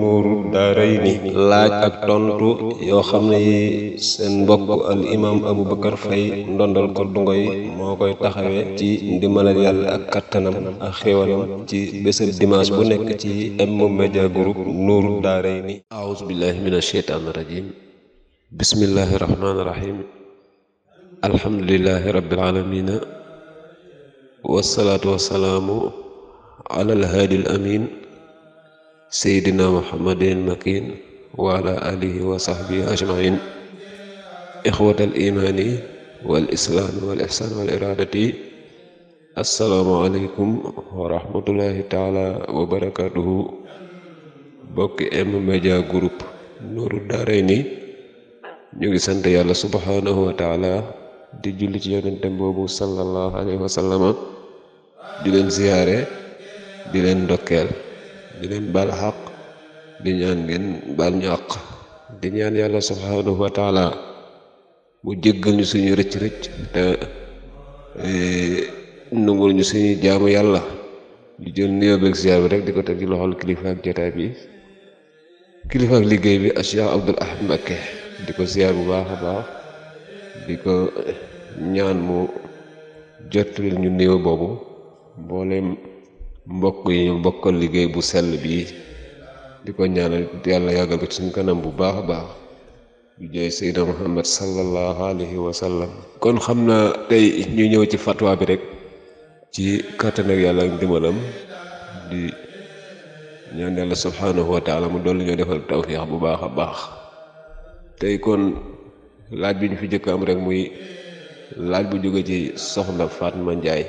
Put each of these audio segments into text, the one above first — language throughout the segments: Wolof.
nuuru daarayni laaj ak tontu yoo xam ne seen mbokk al imaam Aboubacar Faye ndondal ko dungo yi moo koy taxawee ci ndimbalal yàlla ak kattanam ak xéwalam ci bésëb dimanche bu nekk ci M-Media Group nuuru daarayni aouzu billahi minash shaytaani rajim bismillahi rahmaani rahim alhamdulillahi rabbil aalamiina wassalaatu wassalaamu ala al haadi al amiin seydina muhammadin makin wa ala wa sahbihi ajmain ixwatal imaani wal islaami wal ihsaan wal iraadati assalaamu aleykum wa rahmatullahi taala wa barakaatuhu bokki M-Media Group Nuuru Daarayni ñu ngi sant yàlla subhaanahu wa taala di julli ci yonentam boobu sallallahu alayhi wa sallama di leen ziyaare di leen ndokkeel di leen baal xaq di ñaan ngeen baal ñu àq di ñaan yàlla subhanahu wa taala mu jéggal ñu suñu rëcc rëcc te e, nungul ñu suñu jaamu yàlla di jël nuyoo beeg ziar bi rek di ko teg ci loxol kilifa jotaay bi kilifa liggéey bi Cheikh Abdoul Ahad bu baax a di ko ñaan mu jottali ñu nuyoo boobu mbooleem mbokk yi ñu bokkal liggéey bu sell bi di ko ñaanal yàlla yàggal ko suñ kanam bu baax a baax di jëy Seydina Muhammad sallallahu alayhi wa sallam kon xam naa tey ñu ñëw ci fatwa bi rek ci kàttan ak yàlla ak dimbalam di ñaan yàlla subhanahu wa taala mu dolli ñoo defal tawfiix bu baax a baax tey kon laaj bi ñu fi jëkk am rek muy laaj bu jóge ci soxna Fatma Ndiaye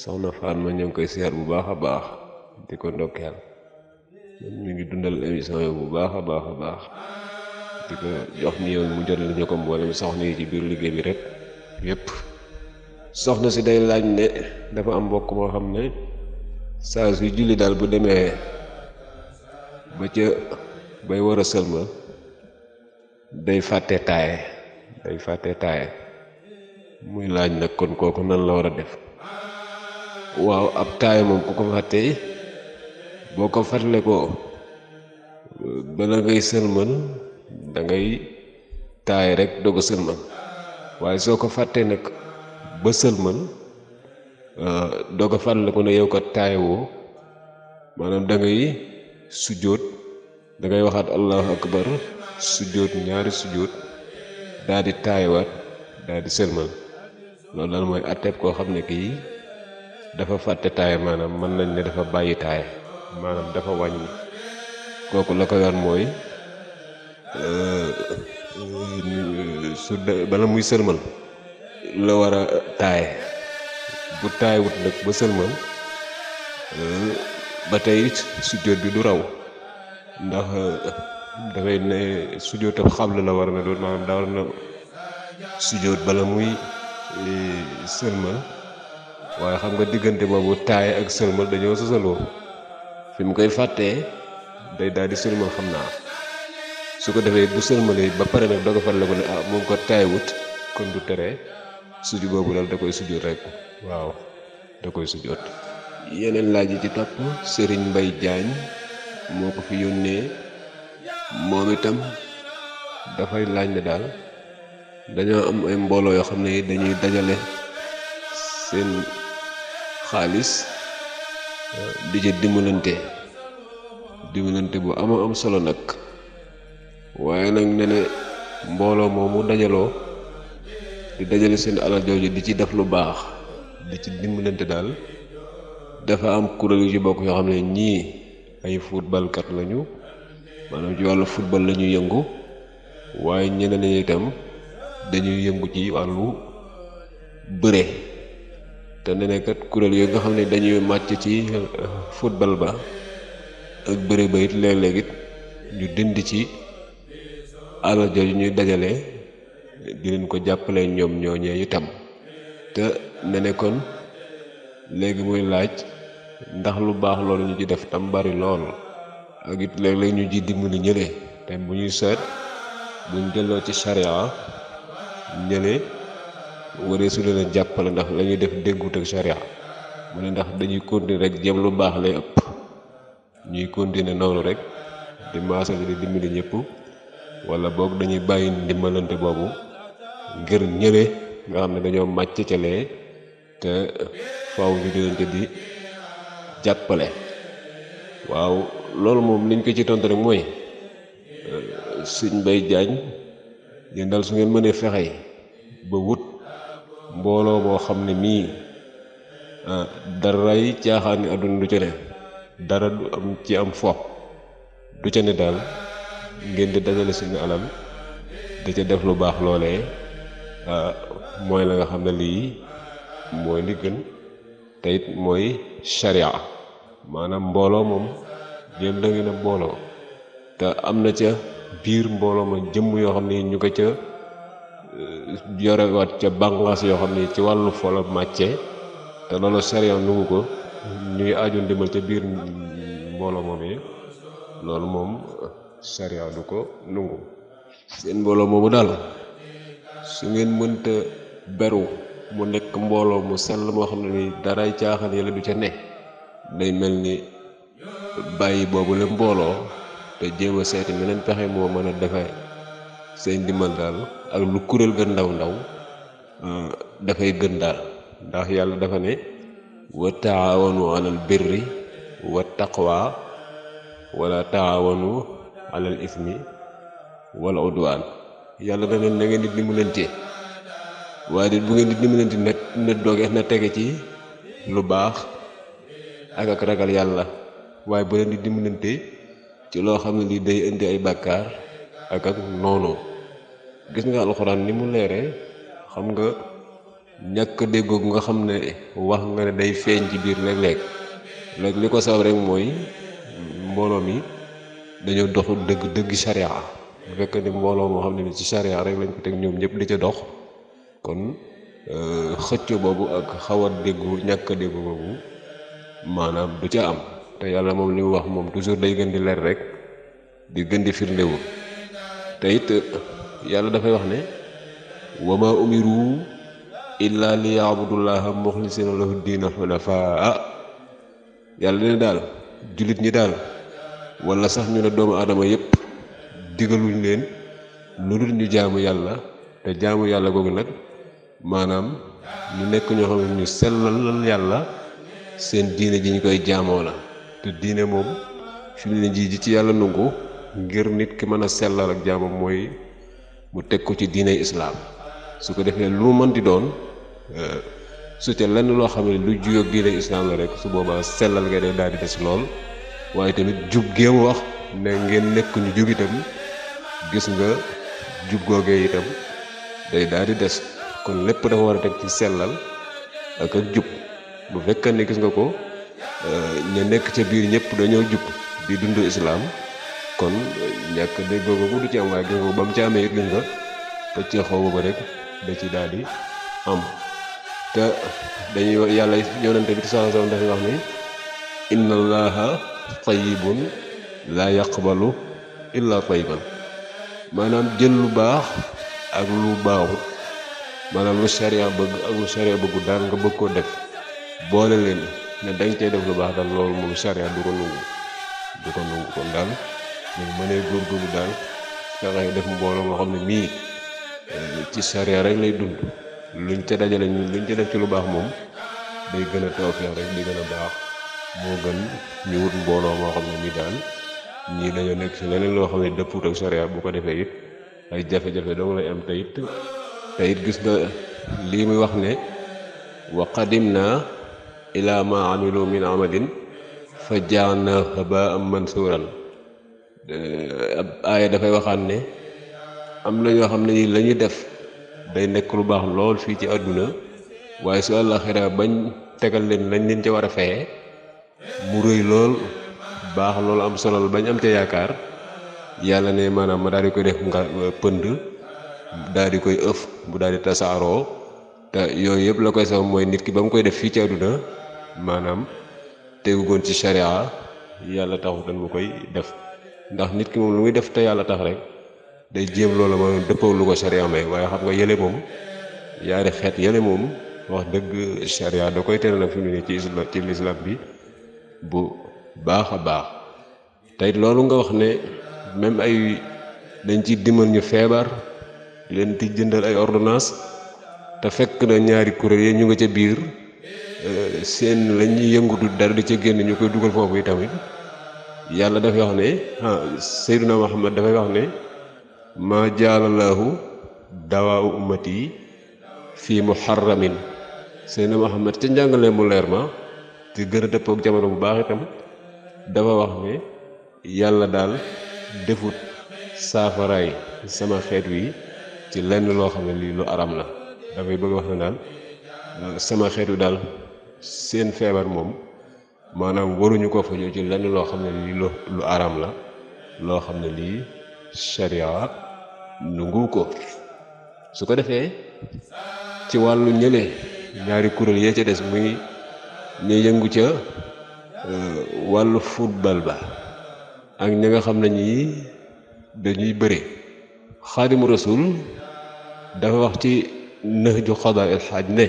soxna Fatma ñoo ngi koy seer bu baax a baax di ko ndokkeel mu ngi dundal émission yi bu baax a baax a baax di ko jox ni yoon mu jotal ñu ko mboolem soxna yi ci biir liggéey bi rek yépp soxna si day laaj ne dafa am mbokk moo xam ne saa su julli daal bu demee ba ca bay war a sëlma day fàtte taaye day fàtte taaye muy laaj nag kon kooku nan la war a def waaw ab taayo moom ku ko fàtte boo ko fàttale ko bala ngay sëlmal dangay ngay taay rek doog a sëlmal waaye soo ko fàttee nag ba sëlmal euh, doog a fàttale ko ne yow ko taay woo maanaam da ngay sujjóot da ngay waxaat allahu akbar sujjóot ñaari sujjóot daal di taayawaat daal di sëlmal loolu daal mooy atteeb koo xam ne kii dafa fàtte taaya maanaam mën nañ ne dafa bàyyi taaya maanaam dafa wàññi kooku la ko yoon mooy euh, su bala muy sëlmal la war a taaye bu taay wut ba sëlmal euh, ba tey sujjóot bi du raw ndax euh, dafay ne sujjóotam xabla la war na doon maanaam daa war na sujjóot bala muy sëlmal waaye xam nga diggante boobu taaya ak sëlmal dañoo sësaloo fi mu koy fàttee day daal di sëlmal xam naa su ko defee bu sëlmalee ba pare nag doog a faral ko ne ah moom ko taayawut kon du tere suju boobu daal da koy sujjoot rek waaw da koy sujjoot yeneen laaj yi ci topp sëriñ mbay jaañ moo ko fi yónnee moom itam dafay laaj ne daal dañoo am ay mbooloo yoo xam ne dañuy dajale seen xaalis di ca dimbalante dimbalante bu ama am solo nag waaye nag ne ne mbooloo moomu dajaloo di dajale seen alal jooju di ci def lu baax di ci dimbalante daal dafa am kuréel yu ci bokk yoo xam ne ñii ay footballkat lañu maanaam ci wàllu football la ñuy yëngu waaye ñeneen ñi itam dañuy yëngu ci wàllu bëre te ne ne kuréel yooyu nga xam ne dañuy màcc ci euh, football ba ak bëre ba it léeg-léeg ñu dind ci alal yu ñuy dajale di ko jàppale ñoom ñooñee itam te ne ne léegi muy laaj ndax lu baax loolu ñu ci def tam bari lool ak it léeg-léeg ñu ji dimbali ñële te bu ñuy seet buñ delloo ci charia ñële waree su leen a jàppale ndax la ñuy def déggut ak sharia mu ne ndax dañuy continuer rek jëm lu baax lay ëpp ñuy continuer noonu rek di maasale di dimbali ñëpp walla boog dañuy bàyyi ndimbalante boobu ngir ñële nga xam ne dañoo màcc ca lee te faaw ñu dinante di jàppale waaw loolu moom liñ ko ci tontu rek mooy suñ bay jaañ yéen daal su ngeen mënee fexe ba wut mbooloo boo xam ne mii ah, dara yi caaxaani àdduna du ca ne dara du am ci am fopp du ca ne daal ngeen di dajale suñu alal di ca def lu baax loole ah, mooy la nga xam ne lii mooy li gën te mooy sharia maanaam mbooloo moom yéen da ngeen mbooloo te am na ca biir mbooloo ma jëmm yoo xam ne ñu ko ca Eh, yorewaat ca bànqaas yoo xam ne ci wàllu foola màcce te loolu sariyan lugu ko ñuy aajo ndimbal ca biir mbooloo moomee loolu moom sariya du ko nungu seen mbooloo moomu daal su ngeen mënta beru mu nekk mbooloo mu sell moo xam ne ni daray caaxaan yële du ca ne day mel ni bàyyi boobu la mbooloo te jéem a seeti meneen pexe moo mën a defe say ndimbal daal ak lu kuréel ga ndaw ndaw euh, dafay gën daal ndax yàlla dafa ne wa taawanu alal birri wa taqwa wala taawanu alal ismi wala udwaan yàlla da leen na ngeen di dimbalante waaye dit bu ngeen di dimbalante na na doge na tege ci lu baax ak ak ragal yàlla waaye bu leen di dimbalante ci loo xam ne lii day indi ay bàkkaar ak ak noonoo gis nga alxuraan ni mu leeree xam nga ñàkk déggoo gu nga xam ne wax nga ne day feeñ ci biir léeg-léeg léegi li ko sabab rek mooy mbooloo mi dañoo doxu dëgg dëgg charia bu fekk ni mbooloo moo xam ne ni ci charia rek lañ ko teg ñoom ñëpp di ca dox kon euh, xëcc boobu ak xaw a déggu ñàkk a déggu boobu maanaam du ca am te yàlla moom li mu wax moom toujours day gën di leer rek di gën di firndéwu te yàlla dafay wax ne wa ma umiru illa li yaabudullaha seen lahu diina xunafaa ah, yàlla ne daal jullit ñi daal wala sax ñu ne doomu aadama yépp digaluñ leen lu dul ñu jaamu yàlla te jaamu yàlla googu nag maanaam ñu nekk ñoo xam ne ñu sellal yàlla seen diine ji ñu koy jaamoo la te diine moom fi mu ne ji ji ci yàlla nangu ngir nit ki mën a sellal ak jaamu mooy mu teg ko ci diiney islaam su ko defee lu mën di doon euh, su ca lenn loo xam ne lu juyoog diiney islaam rek su boobaa sellal nga day daal di des waaye tamit jub géem wax ne ngeen nekkuñu jub itam gis nga jub googee itam day daal di des kon lépp dafa war a teg ci sellal ak ak jub bu fekkee ne gis nga ko euh, ña nekk ca biir ñëpp dañoo jub di dund islaam kon ñàkk déggoo googu du ci am waaye déggoo ba mu ci amee it luñ ko pëccëxoo googu rek da ci daal di am te dañuy wax yàlla yonante bi sallallahu alayhi wasallam dafay wax ni inna allaha tayyibun la yaqbalu illa tayyiban maanaam jël lu baax ak lu baaxut maanaam lu sharia bëgg ak lu sharia bëggu daal nga bëgg koo def boole leen ne danga cay def lu baax daal loolu moom sharia du ko nungu du ko nungu daal ñu mënee góorgóorlu daal fexe def mbooloo moo xam ne mii euh, ci sariya rek lay dund luñ ca dajale ñun luñ ca def ci lu baax moom day gën a tawfeex rek di gën a baax moo gën ñu wut mbooloo moo xam ne mii daal ñii dañoo nekk ci leneen loo xam ne dëpput ak sariya bu ko defee it ay jafe-jafe dong lay am te it gis nga lii muy wax ne wa qadimna ila ma amilu min amalin fa jaalnaahu habaan mansuuran ab euh, aaya dafay waxaan ne am na ñoo xam ne ni la ñuy def day nekk lu baax lool fii ci àdduna waaye su àllaxira bañ tegal leen lañ leen ca war a feye mu rëy lool baax loolu am solo bañ am ca yaakaar yàlla ne maanaam ma daal di koy def nga euh, pënd daal di koy ëf bu daal di tasaaroo te yooyu yëpp la koy sabab mooy nit ki ba mu koy def fii ci àdduna maanaam tegugoon ci sharia yàlla taxutan mu koy def ndax nit ki moom lu muy def te yàlla tax rek day jéem loola mooy dëppoo lu ko sariya may waaye xam nga yële moom yaari xeet yële moomu wax dëgg sariya da koy tere nag fi mu ne ci islam ci bi bu baax a baax tey loolu nga wax ne même ay dañ ci dimbal ñu feebar di leen di jëndal ay ordonnance te fekk na ñaari kuréel yi ñu nga ca biir euh, seen la ñuy yëngutu dara di ca génn ñu koy dugal foofu yi yàlla dafay wax ne ah Seydina Muhammad dafay wax ne maa jaalallahu dawaa ummati fii muharramin Seydina Muhammad ci njàngale mu leer ma te gën a dëppook jamono bu baax tam dafa wax ne yàlla daal defut saafaraay sama xeet wi ci lenn loo xam ne lii lu aram la dafay bëgg wax ne daal sama xeet wi daal seen feebar moom maanaam waruñu ko fajoo ci lenn loo xam ne lii lu araam la loo xam ne lii sharia nungu ko su ko defee ci wàllu ñële ñaari kuréel yee ca des muy ñu yëngu ca euh, wàllu football ba ak ñi nga xam ne ñii dañuy bëre xaadimu rasul dafa wax ci nëx ju xadaa el ne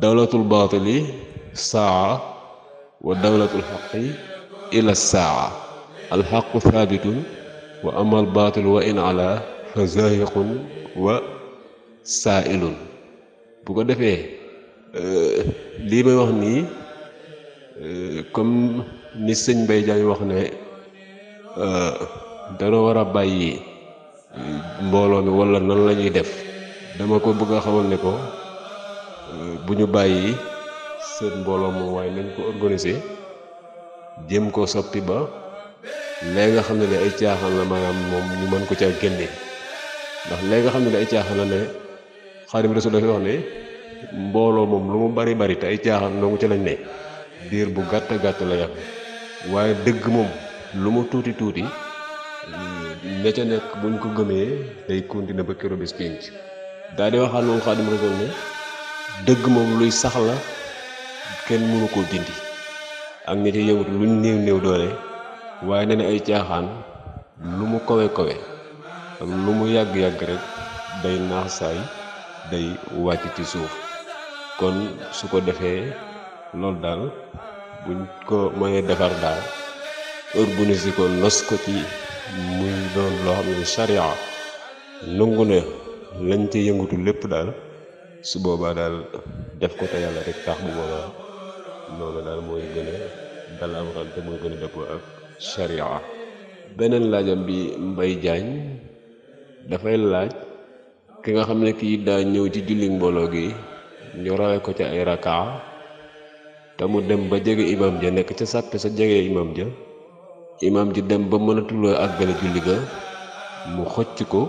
dawlatul baatili saa wa dawlatu alxaqi ila saawa alxaqu thaabitun wa ama albaatil wa in ala fa zaahiqun wa saailun bu ko defee eh, lii may wax nii eh, comme ni sëñ Mbay Jaañ wax ne eh, dana war a bàyyi mbooloo mi walla nan la ñuy def dama ko bëgg a ne ko bu ñu bàyyi seen mbooloo moom waaye nañ ko organiser jéem koo soppi ba léegi nga xam ne ne ay caaxaan la maanaam moom ñu mën ko caa génne ndax léegi nga xam ne ne ay caaxaan la ne Xaadimu Rasuul dafa wax ne mbooloo moom lu mu bari bari te ay caaxaan ci lañ ne diir bu gàtt gàtt la yàq waaye dëgg moom lu mu tuuti tuuti ña ca nekk buñ ko gëmee day continuer ba keroog bis pénc daal di waxaat moom Xaadimu Rasuul ne dëgg moom luy sax la kenn mënu koo dindi ak nit yi yëwut luñ néew néew doole waaye nee ay caaxaan lu mu kowe kowe ak lu mu yàgg yàgg rek day naax day wàcc ci suuf kon su ko defee loolu daal buñ ko mënee defar daal organiser ko nos ko ci muy doon loo xam ne charia nangu ne lañ ca yëngatu lépp daal su boobaa daal def ko te yàlla rek tax bu boobaa loolu daal mooy gën a dal alxuraan te mooy gën a ak sharia beneen laajam bi mbay jaañ dafay laaj ki nga xam ne kii daa ñëw ci julli mbooloo gi ñu rawee ko ci ay rakaa te mu dem ba jege imam ja nekk ca sàppe sa jege imam ja imam ji dem ba mënatuloo àggale julli ga mu xocc ko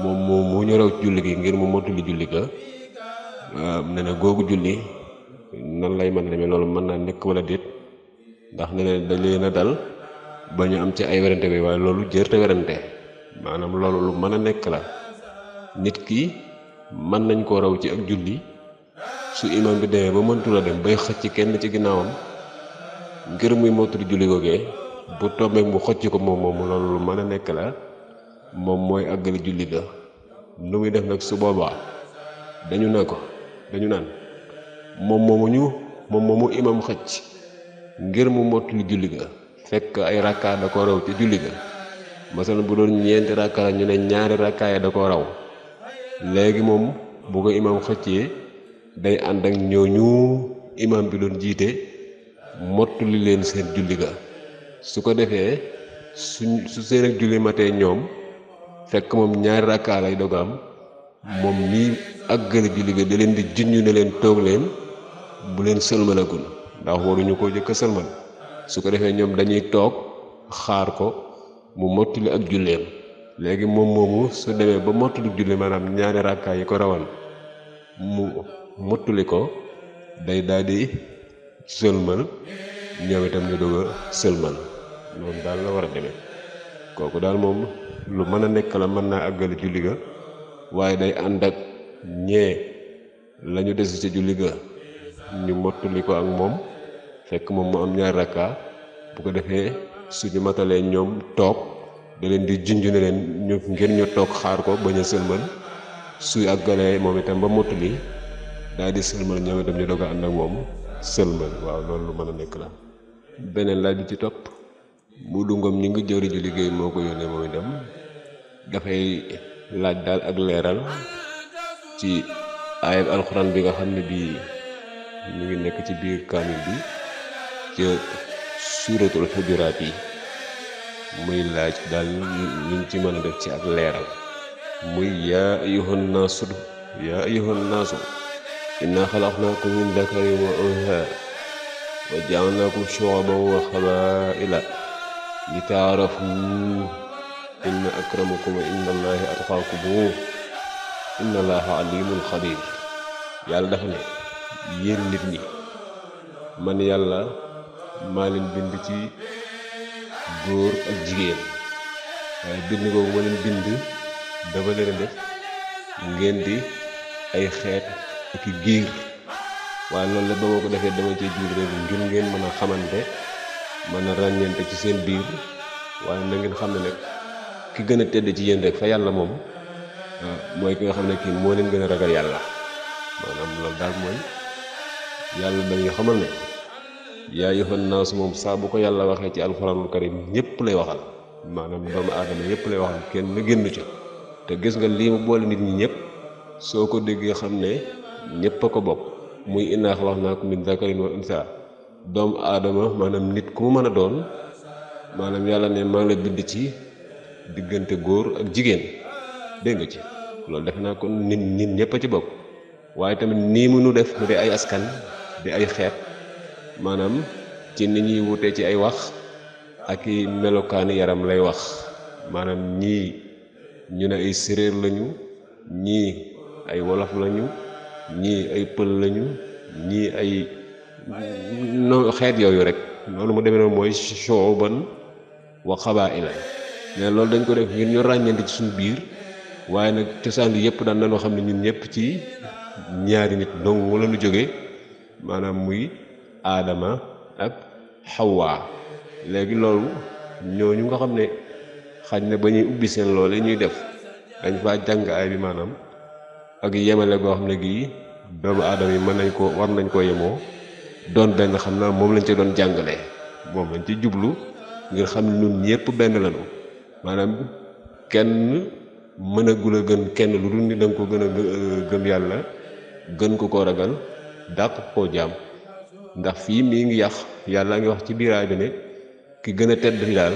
moom moom mu ñëraw ci julli gi ngir mu mottuli julli ga nee googu julli nan lay man a demee loolu mën naa nekk wala déet ndax ne leen dañ leen a dal ba ñu am ci ay werante bi waaye loolu jërte werante maanaam loolu lu mën a nekk la nit ki mën nañ koo raw ci ak julli su imam bi demee ba mëntu la dem bay xëcc kenn ci ginnaawam ngir muy mottali julli googee bu tombeek mu xëcc ko moom moom loolu lu mën a nekk la moom mooy àggali julli ga nu muy def nag su boobaa dañu ne ko dañu naan moom moomu ñu moom moomu imam xëcc ngir mu mottali julli ga fekk ay rakkaa da ko raw ci julli ga masalan bu doon ñeenti rakka la ñu ne ñaari rakkaa yi da ko raw léegi moom bu ko imam xëccee day ànd ak ñooñu imam bi doon jiite li leen seen julli ga su ko defee su su seen ak julli matee ñoom fekk moom ñaari rakkaa lay doog am moom mii ak gën a julli ga da leen di junj ne leen toog leen bu leen sëlmalagul ndax waruñu koo jëkk a sëlmal su ko defee ñoom dañuy toog xaar ko mu mottali ak julleem léegi moom moomu su demee ba mottali julli maanaam ñaari ràkkaay yi ko rawal mu mottuli ko day daldi di sëlmal ñoom itam ñu doog a sëlmal noonu daal la war a demee kooku daal moom lu mën a nekk la mën naa àggale julli ga waaye day ànd ak ñee la ñu des ci julli ga ñu mottali ko ak moom fekk moom mu am ñaar rakka bu ko defee suñu matalee ñoom toog da leen di junj ne leen ñu ngir ñu toog xaar ko bañ a sëlmal suy àggalee moom itam ba mottali daal di sëlmal ñoom itam ñu doog a ànd ak moom sëlmal waaw loolu mën a nekk la beneen laaj bi ci topp mu dungom ñu ngi jëwri ju liggéey moo ko yónnee moom itam dafay laaj daal ak leeral ci ayab alxuraan bi nga xam ne bii mu ngi nekk ci biir kaamil bi ca suuratul xujuraat yi muy laaj daal luñ ci mën a def ci ak leeral muy yaa ayyuhan naasu yaa ayyuhan naasu innaa xalaqnaakum min dakarin wa unsaa wa ja'alnaakum shu'uban wa qabaa'ila li ta'aarafu inna akramakum inda allahi atqaakum inna allaha alimun xabir yàlla dafa ne yéen nit ñi man yàlla maa leen bind ci góor ak jigéen waaye bind googu ma bind dama leen a ngeen di ay xeet ak i giir waaye loolu la ba ma ko defee dama cee jur rek ngir ngeen mën a xamante mën a ràññeente ci seen biir waaye na ngeen xam ne nag ki gën a tedd ci yéen rek fa yàlla moom ah, mooy ki xam ne kii moo leen gën a ragal yàlla maanaam loolu daal mooy yàlla dañuy xamal ne yaa ayyuhan naas moom saa ko yàlla waxee ci alxuraanul karim ñëpp lay waxal maanaam doomu aadama yëpp lay waxal kenn na génn te gis nga lii mu boole nit ñi ñëpp soo ko déggee xam ne ko bokk muy innaa xalaqnaakum min doomu aadama maanaam nit ku mu mën a doon maanaam yàlla ne maa la bind ci diggante góor ak jigéen dégg ci loolu def naa ko nit nit ñëpp a ci bokk waaye tamit nii mu nu def di ay askan di ay xeet maanaam ci ni ñuy wutee ci ay wax ak i melokaani yaram lay wax maanaam ñii ñu ne ay séréer lañu ñii ay wolof lañu ñii ay pël lañu ñii ay no xeet yooyu rek loolu mu demee noonu mooy shu'uban wa qabaa'ila nee loolu dañ ko def ngir ñu ràññante ci suñu biir waaye nag cosaan yi yëpp daan na loo xam ne ñun ñëpp ci ñaari nit dong wala nu jóge maanaam muy aadama ak xawaa léegi loolu ñooñu nga xam ne xaj na ba ñuy ubbi seen loole ñuy def dañ faa jàng ay bi maanaam ak yemale goo xam ne gii doomu aadama yi mën nañ ko war nañ ko yemoo doon benn xam naa moom lañ ci doon jàngale moom lañ ci jublu ngir xam ne ñun ñëpp benn lañu maanaam kenn mën a gula gën kenn lu dul ni da ko gën a euh, gëm yàlla gën ko koo ragal dàq koo jaam ndax fii mii ngi yàq yàlla ngi wax ci biiraay bi ne ki gën a tedd daal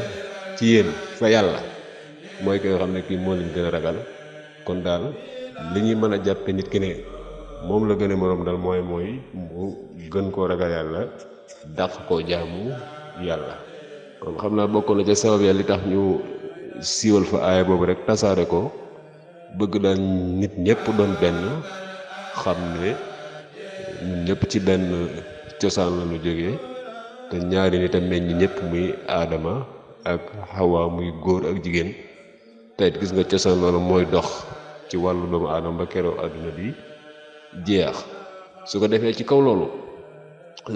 ci yéen fa yàlla mooy ki nga xam ne kii moo leen gën a ragal kon daal li mën a jàppe nit ki ne moom la gën a moroom dal mooy mooy mu koo ragal yàlla dàq koo jaamu yàlla kon xam naa bokk ca sabab yàlla li tax ñu siiwal fa aaya boobu rek tasaare ko bëgg daal nit ñëpp doon benn xam ne ñun ci benn cosaan la jóge te ñaari nit a meññ ñépp muy aadama ak xawa muy góor ak jigéen tey gis nga cosaan loolu mooy dox ci wàllu doomu aadama ba keroo àdduna bi jeex su ko defee ci kaw loolu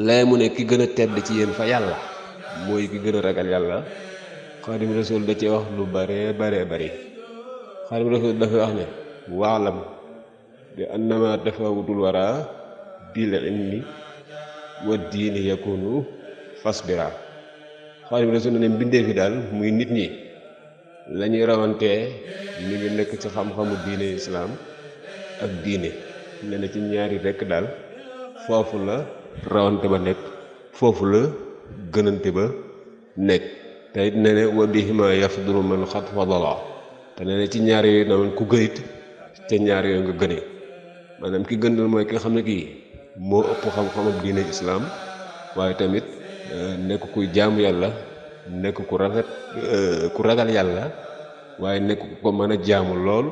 lay mu ne ki gën a tedd ci yéen fa yàlla mooy ki gën a ragal yàlla xaadim rasul da cee wax lu bare bare bari xaadim rasul dafay wax ne waalam bi annama tafawutul wara bil ilmi wa diini yakunu fasbira xaadim rasul ne mbindee fi daal muy nit ñi lañuy rawantee mu ngi nekk ci xam-xamu diine islaam ak diine ne ci ñaari rekk daal foofu la rawante ba nekk foofu la gënante ba nekk te it nee ne wa bihima yafdulu man xat fadala te nee ne ci ñaar yooyu naman ku gënit ca ñaar yooyu nga gënee maanaam ki gën mooy ki nga xam ne kii moo ëpp xam-xamab diine islaam waaye tamit euh, nekk kuy jaamu yàlla nekk ku rafet euh, ku ragal yàlla waaye nekk ku ko mën a jaamu lool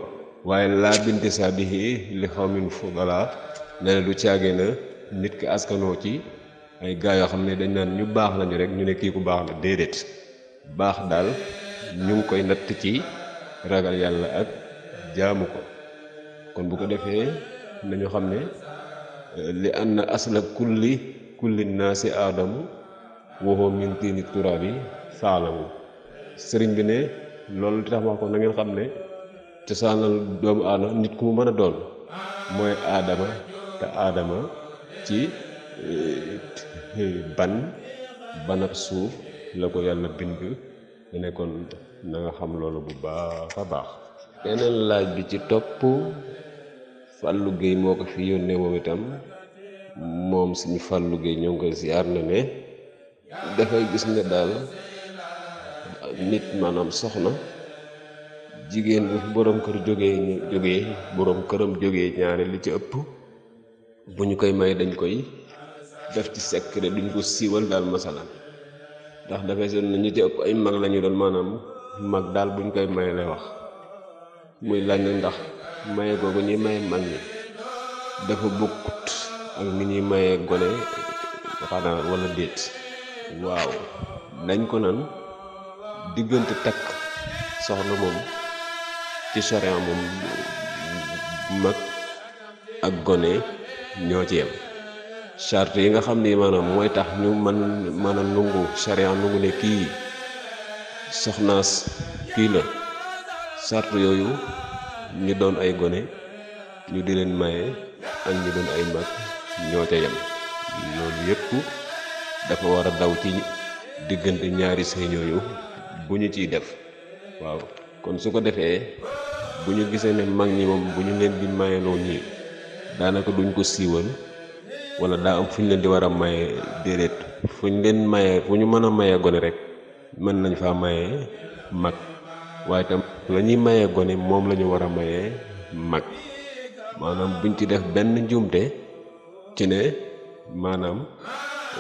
waaye laa binte saa bihi li xawmin fudala nee na du caage na nit ki askanoo ci ay gaa yoo xam ne dañ naan ñu baax lañu rek ñu ne kii ku baax la déedéet baax daal ñu ngi koy natt ci ragal yàlla ak jaamu ko kon bu ko defee nañu xam ne euh, li am anna asla kulli kulli naasi aadamu waxoo min tiini turaabi saalamu sëriñ bi ne loolu li tax ma ko na ngeen xam ne cosaanal doomu aadama nit ku mu mën doon mooy aadama te aadama ci euh, ban banab suuf la ko yàlla bind mu ne kon xam loolu bu baax a baax beneen laaj bi ci topp Fallou Gueye moo ko fi yónnee moom itam moom suñu Fallou Gueye ñoo ngi koy ziar na ne dafay gis ne daal nit maanaam soxna jigéen bu fi boroom kër jógee jógee boroom këram jógee ñaare li ci ëpp bu ñu koy may dañ koy def ci secret duñ ko siiwal daal masalan ndax dafay seen na ñu ci ëpp ay mag la ñu doon maanaam mag daal buñ koy maye lay wax muy laaj na ndax maye googu ñuy maye mag ñi dafa bokkut ak ni ñuy mayee gone xanaa wala déet waaw dañ ko naan diggante takk soxna moom ci charia moom mag ak gone ñoo ci yem charte yi nga xam ni maanaam mooy tax ñu mën mën a nungu charia nungu ne kii soxnaas kii la sart yooyu ñu doon ay gone ñu di leen maye ak ñu doon ay mag ñoo ca yem loolu yépp dafa war a daw ci diggante ñaari sëy yooyu bu ñu ciy def waaw kon su ko defee bu ñu gisee ne mag ñi moom bu ñu leen di mayeloo ñii daanaka duñ ko siiwal wala daa am fu ñu leen di war a maye déedéet fu ñu leen mayee fu ñu mën a maye gone rek mën nañ faa mayee mag waaye tam la ñuy gone moom lañu war a mayee mag maanaam buñ ci def benn njuumte ci ne maanaam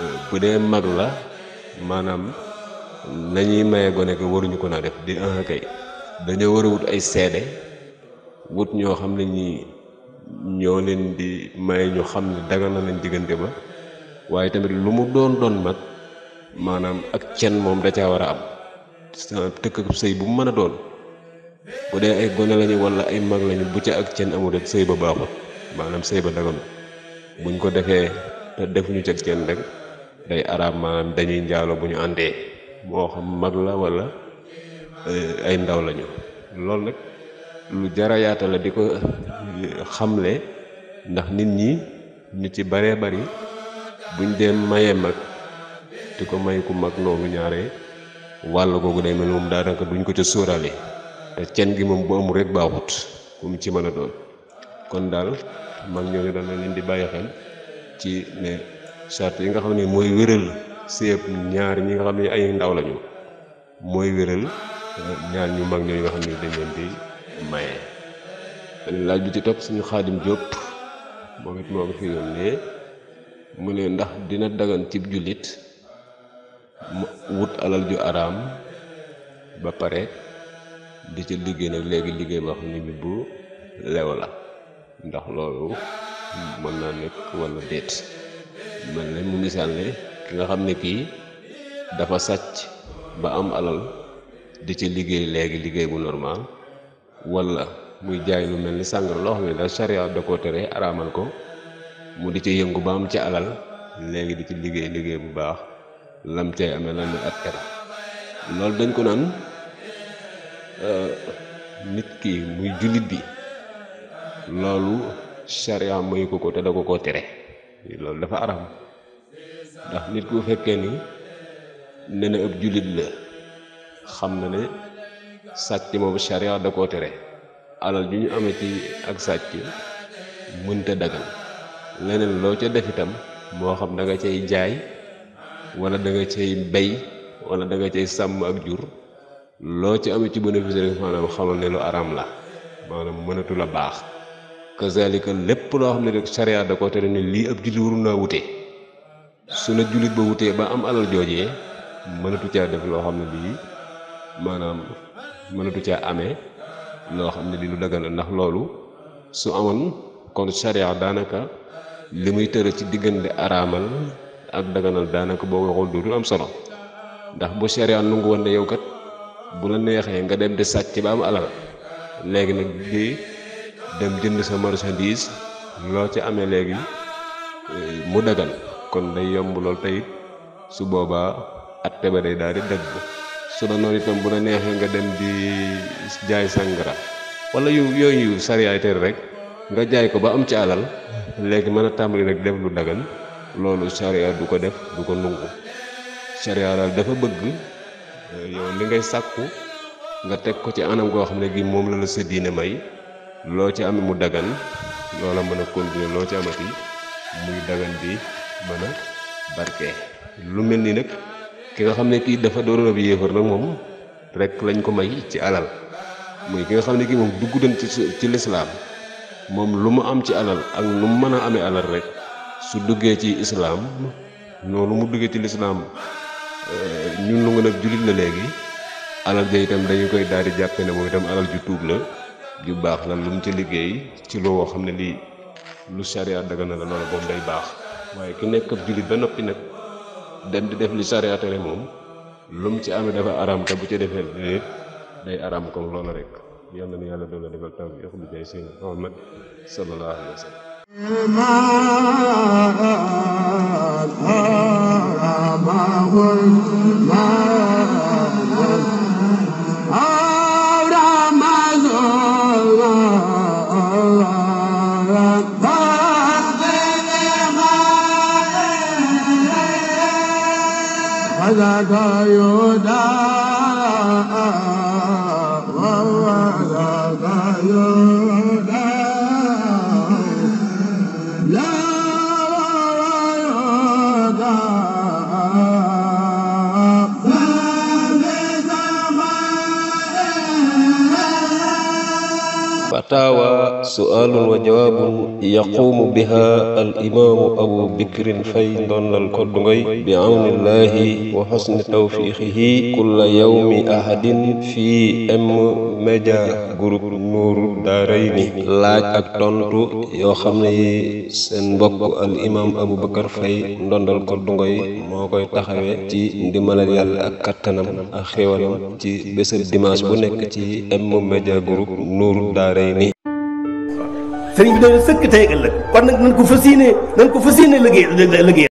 euh, bu dee mag la maanaam nañuy maye gone ko waruñu ko naa def di en kay dañoo war a wut ay seede wut ñoo xam ne ñii ñoo leen di may ñu xam ne dagana nañ diggante ba waaye tamit lu mu doon doon mag maanaam ak cen moom da caa war a am tëkk ak sëy bu mu mën a doon bu dee ay gone lañu walla ay mag lañu bu ca ak cen amul rek sëy ba baaxul maanaam sëy ba daganu buñ ko defee te defuñu ca cen rek day arab maanaam dañuy njaalo bu ñu àndee moo xam mag la wala eh, ay ndaw lañu loolu nag lu jara yaata la di ko eh, xamle ndax nit ñi ñu ci baree bari buñ dee maye mag di ko may ku mag noonu ñaare wàll kooku day mel moom daanaka duñ ko ci sóoraale te cen gi moom bu amul rek baaxut ku ci mën a doon kon daal mag ñooñu dañ leen di bàyyi xel ci ne charte yi nga xam ni mooy wéral séeb ñaar ñi nga xam ne ay ndaw lañu mooy wéral eh, ñaar ñu mag ñooñu nga xam ne dañ leen di maye laaj bi ci topp suñu xaadim Jóob moom it moo ko fi yónnee mu ne ndax dina dagan cib jullit mu wut alal ju araam ba pare di ci liggéey nag léegi liggéey boo xam ne bi bu lew la ndax loolu mën naa nekk walla déet man ne mu misaal ne ki nga xam ne kii dafa sàcc ba am alal di ci liggéey léegi liggéey bu normal wala muy jaay lu mel ni sàngara loo xam ne daal charia da koo tere araamal ko mu di ci yëngu ba am ci alal léegi di ci liggéey liggéey bu baax lam cay amee lan la ak kera loolu dañ ko naan euh, nit ki muy jullit bi loolu charia mayu ko koo tere dafa araam ni nee na ab jullit la xam na ne sàcc moom charia da koo tere alal ju ñu amee ci ak sàcc mënta dagal leneen loo ca def itam moo xam da nga cay jaay wala danga nga cay bay wala danga nga cay sàmm ak jur loo ci amee ci bénéfice rek maanaam xamal ne lu araam la maanaam mënatu la baax kazalika lépp loo xam ne rek charia da koo tere ne lii ab jullit waru naa wute su la jullit ba wutee ba am alal joojee mënatu caa def loo xam ne lii maanaam mënatu caa amee loo xam ne li lu dagan ndax loolu su amoon kon sharia daanaka li muy tëral ci diggante araamal ak daganal daanaka boo waxul dootul am solo ndax bu sharia nangu woon ne yow kat bu la neexee nga dem di sàcc ba am alal léegi nag di dem jënd sa marchandise loo ci amee léegi eh, mu dagan kon day yomb loolu teyit su boobaa atte ba day di dagg su la noonu itam bu la neexee nga dem di jaay sàngara walla yu yooyu sariyaay tere rek nga jaay ko ba am ci alal léegi mën a tàmbali nag def lu dagan loolu sariya du ko def du ko nungu sariya daal dafa bëgg eh, yow li ngay sàkku nga teg ko ci anam goo xam ne gi moom la la sa diine may loo ci am mu dagan loola mën a continuer loo ci amati muy dagan bi mën a barke lu mel nii nag ki nga xam ne kii dafa doon ab yéefar nag moom rekk lañ ko may ci alal mooy ki nga xam ne kii moom dugg dan ci ci lislaam moom lu mu am ci alal ak nu mu mën a amee alal rek su duggee ci islaam noonu mu duggee ci lislaam euh, ñun lu nga ab jullit la léegi alal ja itam dañu koy daal di jàppe ne moom itam alal ju tuub la ju baax la lu mu ci liggéey ci loo xam ne lii lu sharia daga na la loolu moom day baax waaye ki nekk ab jullit ba noppi nag dem di def li sariya tere moom lu mu ci amee dafa araam te bu ci defee déet day araam comme loola rek yal na nu yàlla doon la defal taw bi yoxu bi jaay sëñ Muhammad sallallahu alayhi wa sallam ذاك يودا وهو ذاك يودا fataawa su'aalun wa jawaabun yaquumu biha al imaamu abu bikrin fay ndondal koddu ngoy bi awnillahi wa xosni tawfiixihi kulla yawmi ahadin fii M Media Group nuuru daarayni laaj ak tontu yoo xam ne yi seen mbokk al imaam Aboubacar Faye ndondal ko dungo yi moo koy taxawee ci ndimbalal yàlla ak kattanam ak xéwalam ci bésëb dimanche bu nekk ci M-Media Group nuuru daarayni sëriñ bi dañu sëkk tey ëllëg kon nag nañ ko fas yéene nañ ko fas yéene